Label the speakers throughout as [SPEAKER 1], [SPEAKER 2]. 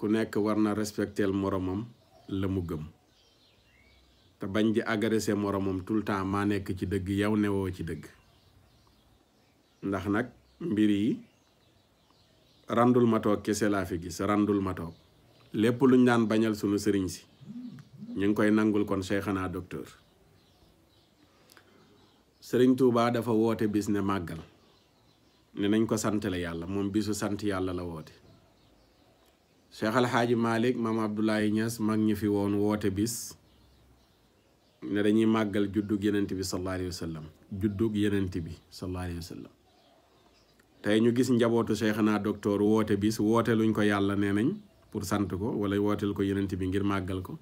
[SPEAKER 1] ku nekk war na respecteel moromam la mu gëm te bañ di agresser moromam tout le temps maa nekk ci dëgg yow newoo ci dëgg ndax nag mbir yi randul ma toog kese laa fi gis randul ma toog lépp luñ daan bañal sunu sëriñ si ñu ngi koy nangul kon xanaa docteur sëriñ Touba dafa woote bis ne màggal ne nañ ko santale yàlla moom bisu sant yàlla la woote Cheikh Al Hadj Malick maam Abdoulaye mag ñu fi woon woote bis ne dañuy màggal juddug yenent bi sallallahu alayhi wa sallam bi sallallahu alayhi wa tey ñu gis njabootu Cheikh naa docteur woote bis woote luñ ko yàlla nee nañ pour sant ko wala wooteel ko yenent bi ngir màggal ko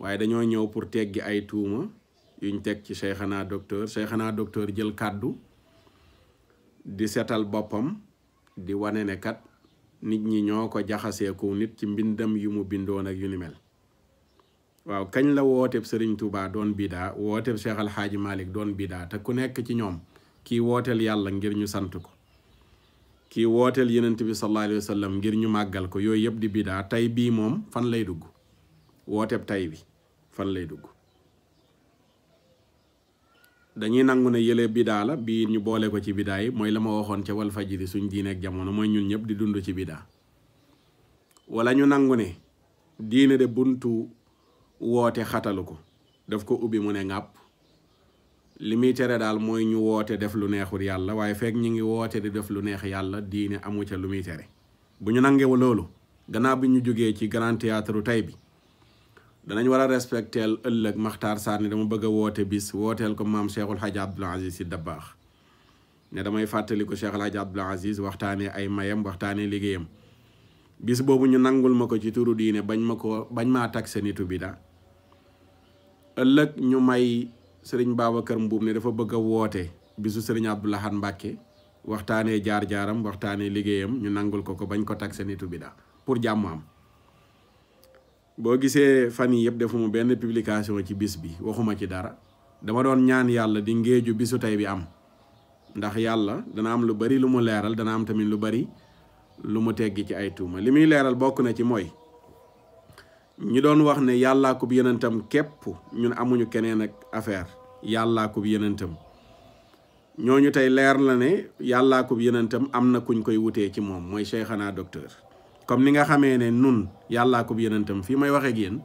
[SPEAKER 1] waaye dañoo ñëw pour teggi ay tuuma yuñ teg ci Cheikh naa docteur Cheikh naa docteur jël kàddu di setal boppam di wane ne kat. nit ñi ñoo ko jaxaseeku nit ci mbindam yi mu bindoon ak yu ni mel waaw kañ la wooteeb Serigne Touba doon bidaa wooteeb Cheikh Al Hadj doon bidaa te ku nekk ci ñoom kii wooteel yàlla ngir ñu sant ko kii wooteel yenent bi sallallahu alayhi ngir ñu màggal ko yooyu yëpp di bidaa tey bii moom fan lay dugg wooteeb tey bi fan lay dugg dañuy nangu ne yële bidaa la bii ñu boole ko ci bidaa yi mooy la ma waxoon ca wal fajiri suñ diineek jamono mooy ñun ñëpp di dund ci bidaa walla ñu nangu ne diine de buntu woote xatalu ko daf ko ubbi mu ne ngàpp li muy tere daal mooy ñu woote def lu neexul yàlla waaye fekk ñu ngi woote di def lu neex yàlla diine amu ca lu muy tere bu ñu nangewu loolu gannaaw bi ñu jógee ci grand théâtre tey bi danañ war a respecteel ëllëg maxtaar Sarr ne dama bëgg a woote bis wooteel ko maam Cheikhul Hadj Abdoul Aziz Sy Dabakh ne damay fàttali ko Cheikhul Hadj Abdoul Aziz waxtaanee ay mayam waxtaanee liggéeyam bis boobu ñu nangul ma ko ci turu diine bañ ma ko bañ maa taxe nitu bi da ëllëg ñu may sëriñ kër Mbuub ne dafa bëgg a woote bisu sëriñ Abdou Lahad Mbàkke waxtaanee jaar-jaaram waxtaanee liggéeyam ñu nangul ko ko bañ ko taxe nitu bi da pour jàmm am boo gisee fan yi yëpp defuma benn publication ci bis bi waxuma ci dara dama doon ñaan yàlla di ngéeju bisu tey bi am ndax yàlla dana am lu bari lu mu leeral dana am tamit lu bari lu mu teggi ci ay tuuma li muy leeral bokk na ci mooy ñu doon wax ne yàllaa kub yenentam képp ñun amuñu keneen ak affaire yàllaa kub yenentam ñooñu tey leer la ne yàllaa kub yenentam am na kuñ koy wutee ci moom mooy Cheikhana docteur comme ni nga xamee ne nun yàllaa ko yonentam fii may waxee ak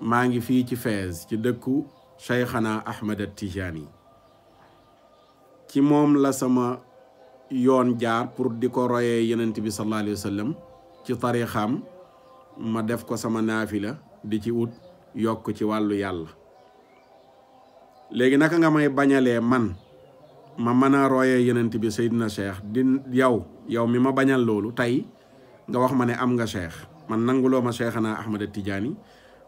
[SPEAKER 1] maa ngi fii ci Fès ci dëkku Cheikhana Ahmed yi ci moom la sama yoon jaar pour di ko royee yonent bi sallallahu alayhi wa sallam ci tarixam ma def ko sama naafila di ci wut yokk ci wàllu yàlla léegi naka nga may bañalee man ma mën a royee yonent bi Seydina Cheikh di yow yow mi ma bañal loolu tey nga wax ma ne am nga cheikh man nanguloo ma cheikhana Ahmad Tidiane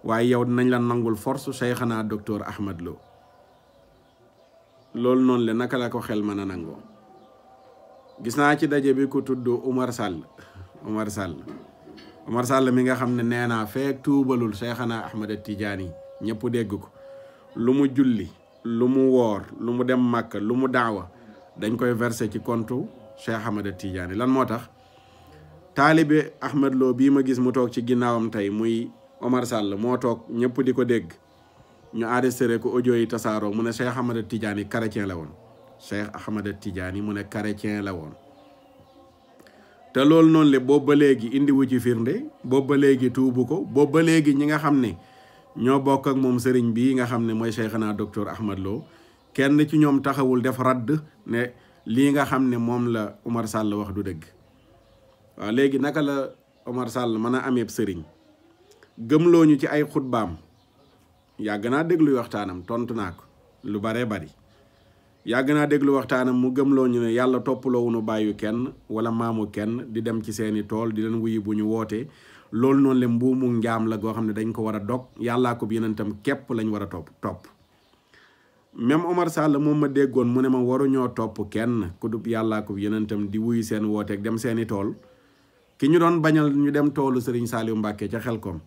[SPEAKER 1] waaye yow nañ la nangul force cheikhana docteur Ahmad Lo loolu noonu le naka la ko xel ma ne nangoo gis naa ci daje bi ko tudd Umar Sall Umar Sall Umar Sall mi nga xam ne nee naa feek tuubalul cheikhana Ahmad Tidiane ñëpp dégg ko lu mu julli lu mu woor lu mu dem màkk lu mu daawa dañ koy verser ci compte Cheikh Ahmad Tidiane lan moo tax taalibe Ahmed Lo bii ma gis mu toog ci ginnaawam tey muy Omar Sall moo toog ñëpp di ko dégg ñu enregistré ko audio yi tasaaroo mu ne Cheikh Ahmed Tidiane chrétien la woon Cheikh Ahmed Tidiane mu ne chrétien la woon te loolu noonu le boobu ba léegi indiwu ci firnde boobu ba léegi tuubu ko boobu ba léegi ñi nga xam ne ñoo bokk ak moom sëriñ bii nga xam ne mooy Cheikhna docteur Ahmed Lo kenn ci ñoom taxawul def radd ne lii nga xam ne moom la Omar Sall wax du dégg waaw léegi naka la Omar Sall mën a ameeb sëriñ gëmloo ñu ci ay xutbaam yàgg naa déglu waxtaanam tontu naa ko lu baree bari yàgg naa déglu waxtaanam mu gëmloo ñu ne yàlla toppaloowu nu bàyyu kenn wala maamu kenn di dem ci seeni tool di leen wuyi bu ñu wootee loolu noonu la mbuumu njaam la goo xam ne dañ ko war a dog yàllaa ko bi yonentam képp lañu war a topp topp même Omar Sall moom ma déggoon mu ne ma waruñoo topp kenn ku yàllaa ko bi yonentam di wuyu seen wooteeg dem seeni tool ki ñu doon bañal ñu dem toolu Serigne Saliou Mbacke ca Xelkom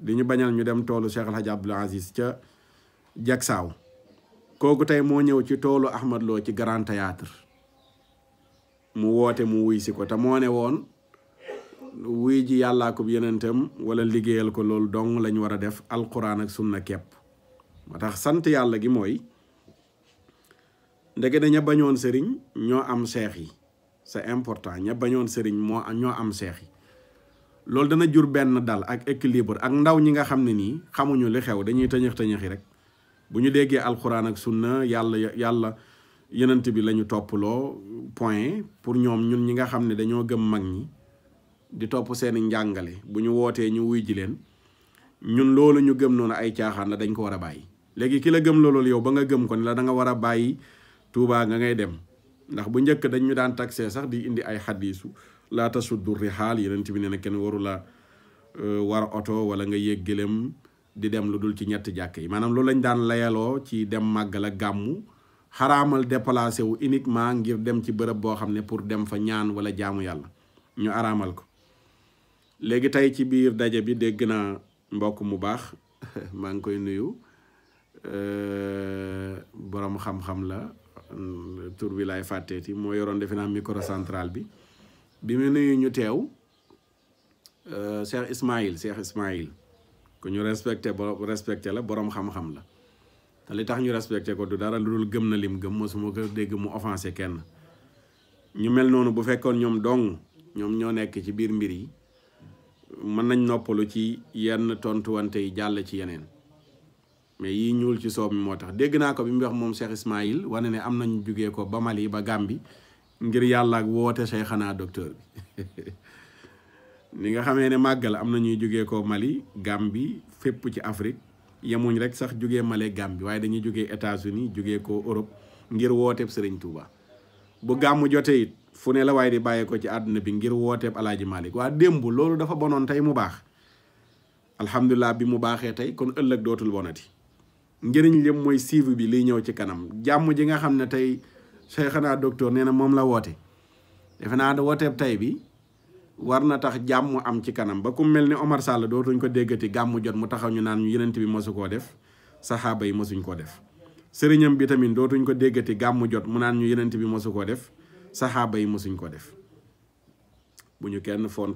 [SPEAKER 1] di ñu bañal ñu dem toolu Cheikh El Hadj Abdoul Aziz ca Jaksaaw kooku tey moo ñëw ci toolu Ahmad ci Grand Théâtre mu woote mu wuy si ko te moo ne woon wuy ji yàllaa ko yeneentam wala liggéeyal ko loolu dong lañu war a def alquran ak sunna kepp moo tax sant yàlla gi mooy ndege daña bañoon sëriñ ñoo am seex yi c'est important ña bañoon sëriñ moo ñoo am seex yi loolu dana jur benn dal ak équilibre ak ndaw ñi nga xam ne nii xamuñu li xew dañuy tëñëx tëñëxi rek bu ñu déggee alxuraan ak sunna yàlla yàlla yenent bi lañu ñu toppaloo point pour ñoom ñun ñi nga xam ne dañoo gëm mag ñi di topp seeni njàngale bu ñu wootee ñu wuy ji leen ñun loolu ñu gëm noonu ay caaxaan la dañ ko war a bàyyi léegi ki la gëm loolu yow ba nga gëm ko ni la da nga war a bàyyi Tuubaa nga ngay dem ndax bu njëkk dañ ñu daan taxé sax di indi ay laata xadiisu laa yi rihaal yeneen bi ne na kenn waru la euh, war oto wala nga yéeg gëlëm di dem lu dul ci ñetti jàkk yi maanaam loolu lañ daan layaloo ci dem màggal ak gàmmu xaraamal déplacé wu uniquement ngir dem ci bërëb boo xam ne pour dem fa ñaan wala jaamu yàlla ñu araamal ko léegi tey ci biir daje bi dégg naa mbokk mu baax maa ngi koy nuyu euh, boroom xam-xam la Mm, tur bi laay fàtteeti moo yoroon defe naa microcentral bi bi mu nuyu ñu teew euh, Cheikh Ismaïl Cheikh Ismaïl ku ñu respecté bo respecté la borom xam-xam la te li tax ñu respecté ko du dara lu dul gëm na lim gëm mosuma ko dégg mu offensé kenn ñu mel noonu bu fekkoon ñoom dong ñoom ñoo nekk ci biir mbir yi mën nañ noppalu ci yenn tontuwante yi jàll ci yeneen mais yi ñuul ci soow mi moo tax dégg naa ko bi mu wax moom Cheikh Ismaïl wane ne am nañu jugee ko ba Mali ba Gàmbi ngir yàlla ak woote say xanaa docteur bi ni nga xamee ne màggal am na ñuy jugee ko Mali Gàmbi fépp ci Afrique yemuñ rek sax jugee Mali Gàmbi waaye dañuy jugee États-Unis jugee ko Europe ngir wooteeb seriñ Touba bu gàmmu jotee it fu ne la waaye di bàyyee ko ci àdduna bi ngir wooteeb Alaaji Malik waa démb loolu dafa bonoon tey mu baax alhamdulilah bi mu baaxee tey kon ëllëg dootul bonati njëriñ li mooy suivi bi liy ñëw ci kanam jàmm ji nga xam ne tey Cheikhana docteur nee na moom la woote defe naa wooteeb tey bi war na tax jàmm am ci kanam ba ku mel ni Omar Sall dootuñ ko déggati gàmmu jot mu taxaw ñu naan ñu yenent bi mosu koo def saxaaba yi masuñ koo def sëriñam bi tamit dootuñ ko déggati gàmm jot mu naan ñu yenent bi mosu koo def saxaaba yi mosuñ ko def bu ñu kenn fon